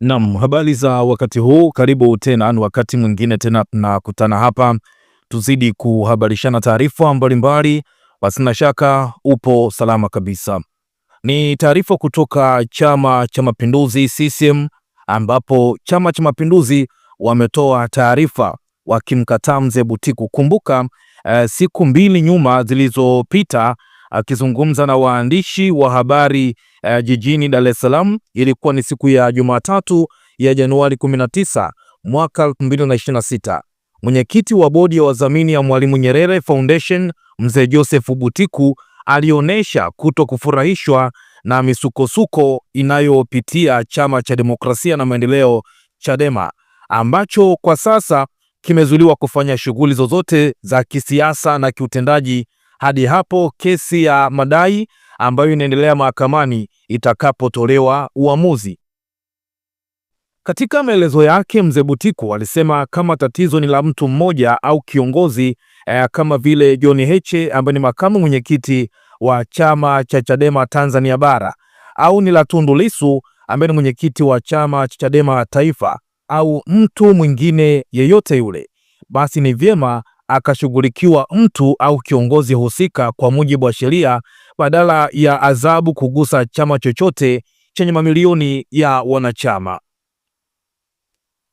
Naam, habari za wakati huu, karibu tena wakati mwingine tena tunakutana hapa tuzidi kuhabarishana taarifa mbalimbali, basi na shaka upo salama kabisa. Ni taarifa kutoka Chama cha Mapinduzi CCM, ambapo Chama cha Mapinduzi wametoa taarifa wakimkataa Mzee Butiku. Kumbuka eh, siku mbili nyuma zilizopita Akizungumza na waandishi wa habari uh, jijini Dar es Salaam, ilikuwa ni siku ya Jumatatu ya Januari 19 mwaka 2026. Mwenyekiti wa bodi ya wadhamini ya Mwalimu Nyerere Foundation Mzee Joseph Butiku alionyesha kuto kufurahishwa na misukosuko inayopitia Chama cha Demokrasia na Maendeleo Chadema ambacho kwa sasa kimezuliwa kufanya shughuli zozote za kisiasa na kiutendaji hadi hapo kesi ya madai ambayo inaendelea mahakamani itakapotolewa uamuzi. Katika maelezo yake, mzee Butiku alisema kama tatizo ni la mtu mmoja au kiongozi eh, kama vile John Heche ambaye ni makamu mwenyekiti wa chama cha Chadema Tanzania Bara au ni la Tundu Lissu ambaye ni mwenyekiti wa chama cha Chadema Taifa au mtu mwingine yeyote yule, basi ni vyema akashughulikiwa mtu au kiongozi husika kwa mujibu wa sheria badala ya adhabu kugusa chama chochote chenye mamilioni ya wanachama.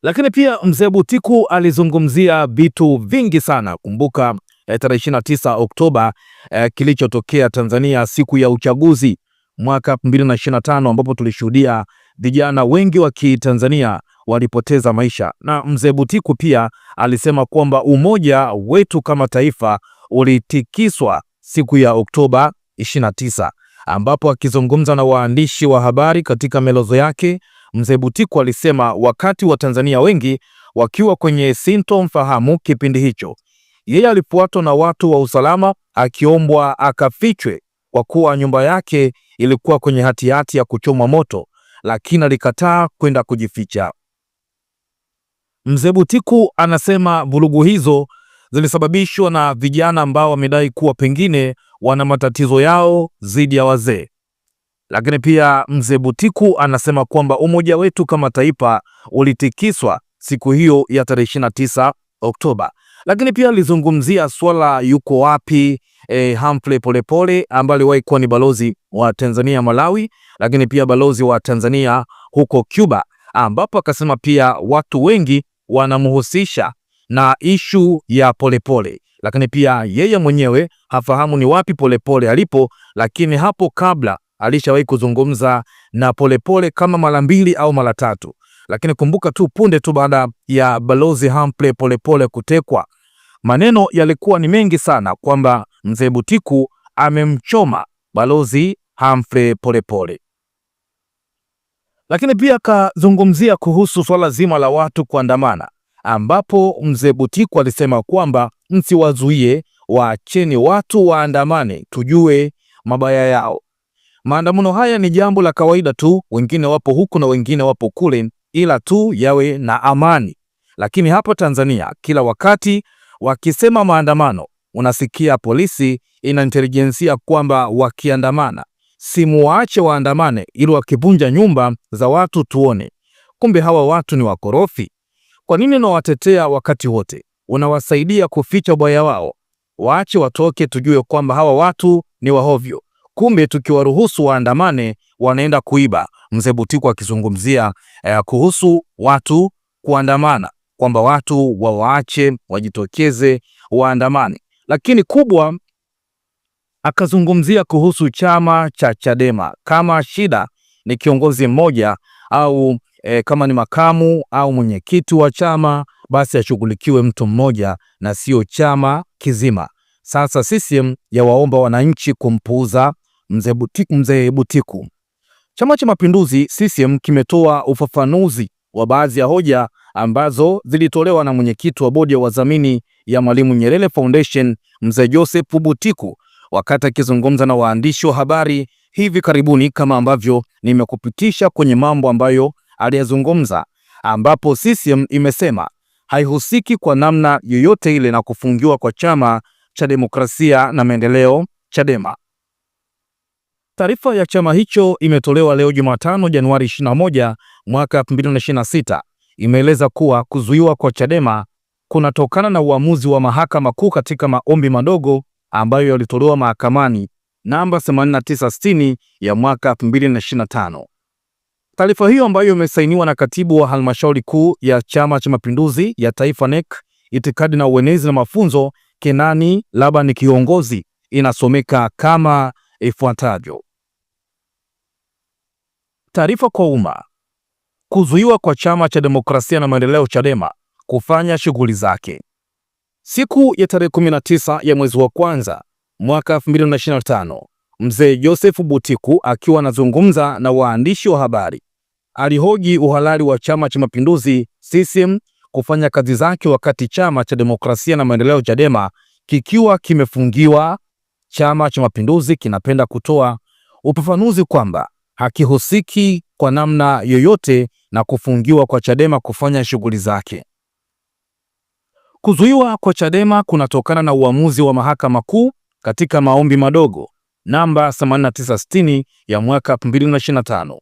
Lakini pia mzee Butiku alizungumzia vitu vingi sana. Kumbuka eh, tarehe 29 Oktoba eh, kilichotokea Tanzania siku ya uchaguzi mwaka 2025 ambapo tulishuhudia vijana wengi wa Kitanzania walipoteza maisha. Na mzee Butiku pia alisema kwamba umoja wetu kama taifa ulitikiswa siku ya Oktoba 29, ambapo akizungumza na waandishi wa habari katika melozo yake, mzee Butiku alisema wakati wa tanzania wengi wakiwa kwenye mfahamu kipindi hicho, yeye alifuatwa na watu wa usalama akiombwa akafichwe kwa kuwa nyumba yake ilikuwa kwenye hatihati ya kuchomwa moto, lakini alikataa kwenda kujificha. Mzee Butiku anasema vurugu hizo zilisababishwa na vijana ambao wamedai kuwa pengine wana matatizo yao dhidi ya wazee. Lakini pia Mzee Butiku anasema kwamba umoja wetu kama taifa ulitikiswa siku hiyo ya tarehe 29 Oktoba. Lakini pia alizungumzia swala yuko wapi e, Humphrey Polepole ambaye aliwahi kuwa ni balozi wa Tanzania Malawi, lakini pia balozi wa Tanzania huko Cuba ambapo akasema pia watu wengi wanamhusisha na ishu ya Polepole pole. Lakini pia yeye mwenyewe hafahamu ni wapi Polepole pole alipo, lakini hapo kabla alishawahi kuzungumza na Polepole pole kama mara mbili au mara tatu. Lakini kumbuka tu, punde tu baada ya Balozi Humphrey Polepole kutekwa, maneno yalikuwa ni mengi sana kwamba Mzee Butiku amemchoma Balozi Humphrey Polepole. Lakini pia akazungumzia kuhusu swala zima la watu kuandamana, ambapo mzee Butiku alisema kwamba msiwazuie, waacheni watu waandamane, tujue mabaya yao. Maandamano haya ni jambo la kawaida tu, wengine wapo huku na wengine wapo kule, ila tu yawe na amani. Lakini hapa Tanzania kila wakati wakisema maandamano, unasikia polisi ina intelijensia kwamba wakiandamana simuwaache waandamane ili wakivunja nyumba za watu tuone. Kumbe hawa watu ni wakorofi. Kwa nini unawatetea wakati wote? Unawasaidia kuficha ubaya wao. Waache watoke, tujue kwamba hawa watu ni wahovyo. Kumbe tukiwaruhusu waandamane, wanaenda kuiba. Mzee Butiku akizungumzia eh, kuhusu watu kuandamana, kwamba watu wawaache wajitokeze waandamane, lakini kubwa akazungumzia kuhusu chama cha Chadema kama shida ni kiongozi mmoja au e, kama ni makamu au mwenyekiti wa chama basi ashughulikiwe mtu mmoja na sio chama kizima. Sasa CCM yawaomba wananchi kumpuuza mzee Butiku, mzee Butiku. Chama cha Mapinduzi CCM kimetoa ufafanuzi wa baadhi ya hoja ambazo zilitolewa na mwenyekiti wa bodi ya wadhamini ya Mwalimu Nyerere Foundation mzee Joseph Butiku wakati akizungumza na waandishi wa habari hivi karibuni, kama ambavyo nimekupitisha kwenye mambo ambayo aliyazungumza, ambapo CCM imesema haihusiki kwa namna yoyote ile na kufungiwa kwa chama cha demokrasia na maendeleo Chadema. Taarifa ya chama hicho imetolewa leo Jumatano Januari 21 mwaka 2026, imeeleza kuwa kuzuiwa kwa Chadema kunatokana na uamuzi wa mahakama kuu katika maombi madogo ambayo yalitolewa mahakamani namba 8960 ya mwaka 2025. Taarifa hiyo ambayo imesainiwa na katibu wa halmashauri kuu ya Chama cha Mapinduzi ya Taifa NEC itikadi na uenezi na mafunzo Kenani ni Kiongozi inasomeka kama ifuatavyo: taarifa kwa umma. Kuzuiwa kwa Chama cha Demokrasia na Maendeleo Chadema kufanya shughuli zake. Siku ya tarehe 19 ya mwezi wa kwanza mwaka 2025, mzee Joseph Butiku akiwa anazungumza na waandishi wa habari alihoji uhalali wa Chama cha Mapinduzi CCM kufanya kazi zake wakati Chama cha Demokrasia na Maendeleo Chadema kikiwa kimefungiwa. Chama cha Mapinduzi kinapenda kutoa ufafanuzi kwamba hakihusiki kwa namna yoyote na kufungiwa kwa Chadema kufanya shughuli zake. Kuzuiwa kwa Chadema kunatokana na uamuzi wa Mahakama Kuu katika maombi madogo namba 8960 ya mwaka 2025.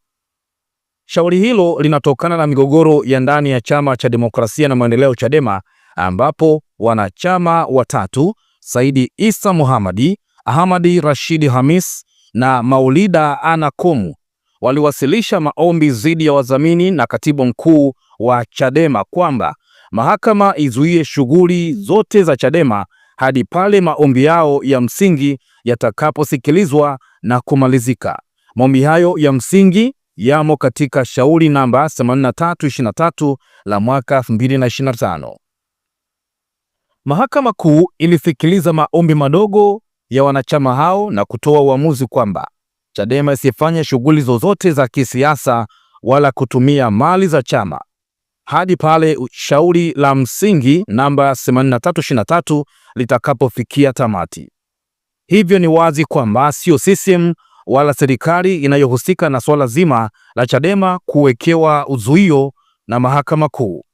Shauri hilo linatokana na migogoro ya ndani ya Chama cha Demokrasia na Maendeleo Chadema ambapo wanachama watatu Saidi Isa Mohamadi, Ahmadi Rashidi Hamis na Maulida Ana Komu waliwasilisha maombi dhidi ya wadhamini na katibu mkuu wa Chadema kwamba mahakama izuie shughuli zote za Chadema hadi pale maombi yao ya msingi yatakaposikilizwa na kumalizika. Maombi hayo ya msingi yamo katika shauri namba 8323 la mwaka 2025. Mahakama Kuu ilisikiliza maombi madogo ya wanachama hao na kutoa uamuzi kwamba Chadema isifanye shughuli zozote za kisiasa wala kutumia mali za chama hadi pale shauri la msingi namba 8323 litakapofikia tamati. Hivyo ni wazi kwamba sio CCM wala serikali inayohusika na swala zima la Chadema kuwekewa uzuio na Mahakama Kuu.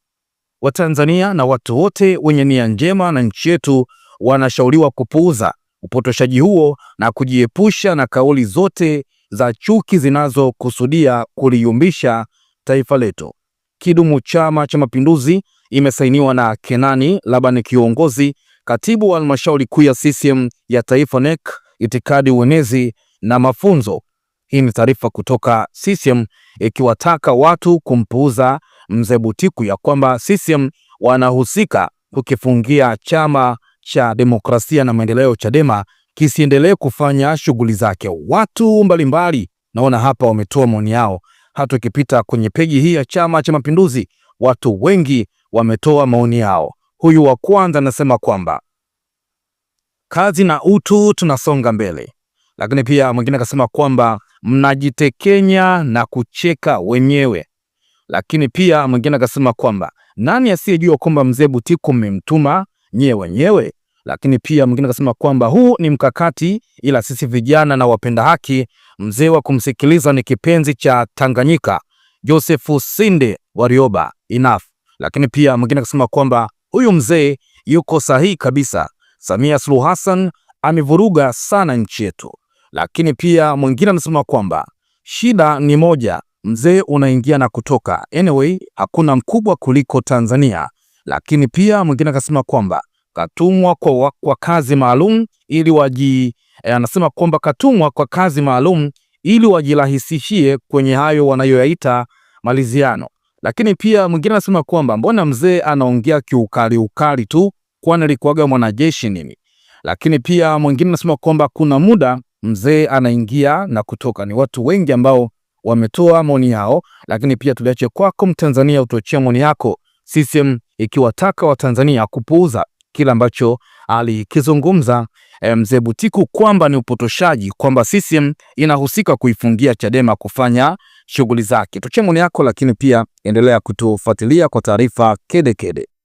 Watanzania na watu wote wenye nia njema na nchi yetu wanashauriwa kupuuza upotoshaji huo na kujiepusha na kauli zote za chuki zinazokusudia kuliyumbisha taifa letu kidumu Chama cha Mapinduzi imesainiwa na Kenani ni Kiongozi, katibu wa halmashauri kuu ya CCM ya Taifa NEC itikadi, uenezi na mafunzo. Hii ni taarifa kutoka CCM ikiwataka watu kumpuuza Mzee Butiku ya kwamba CCM wanahusika kukifungia Chama cha Demokrasia na Maendeleo Chadema kisiendelee kufanya shughuli zake. Watu mbalimbali naona hapa wametoa maoni yao hata ukipita kwenye peji hii ya Chama cha Mapinduzi, watu wengi wametoa maoni yao. Huyu wa kwanza anasema kwamba kazi na utu, tunasonga mbele. Lakini pia mwingine akasema kwamba mnajitekenya na kucheka wenyewe. Lakini pia mwingine akasema kwamba nani asiyejua kwamba mzee Butiku mmemtuma nyie wenyewe? Lakini pia mwingine akasema kwamba huu ni mkakati, ila sisi vijana na wapenda haki, mzee wa kumsikiliza ni kipenzi cha Tanganyika, Joseph Sinde Warioba, enough. Lakini pia mwingine akasema kwamba huyu mzee yuko sahihi kabisa, Samia Suluhu Hassan amevuruga sana nchi yetu. Lakini pia mwingine anasema kwamba shida ni moja, mzee unaingia na kutoka, anyway hakuna mkubwa kuliko Tanzania. Lakini pia mwingine akasema kwamba katumwa kwa, kwa kazi maalum ili waji e, anasema kwamba katumwa kwa kazi maalum ili wajirahisishie kwenye hayo wanayoyaita maliziano. Lakini pia mwingine anasema kwamba mbona mzee anaongea kiukali ukali tu, kwani alikuwaga mwanajeshi nini? Lakini pia mwingine anasema kwamba kuna muda mzee anaingia na kutoka. Ni watu wengi ambao wametoa maoni yao, lakini pia tuliache kwako Mtanzania utochea maoni yako. CCM ikiwataka Watanzania kupuuza kile ambacho alikizungumza mzee Butiku kwamba ni upotoshaji, kwamba CCM inahusika kuifungia Chadema kufanya shughuli zake. tuchemuni yako, lakini pia endelea kutufuatilia kwa taarifa kedekede.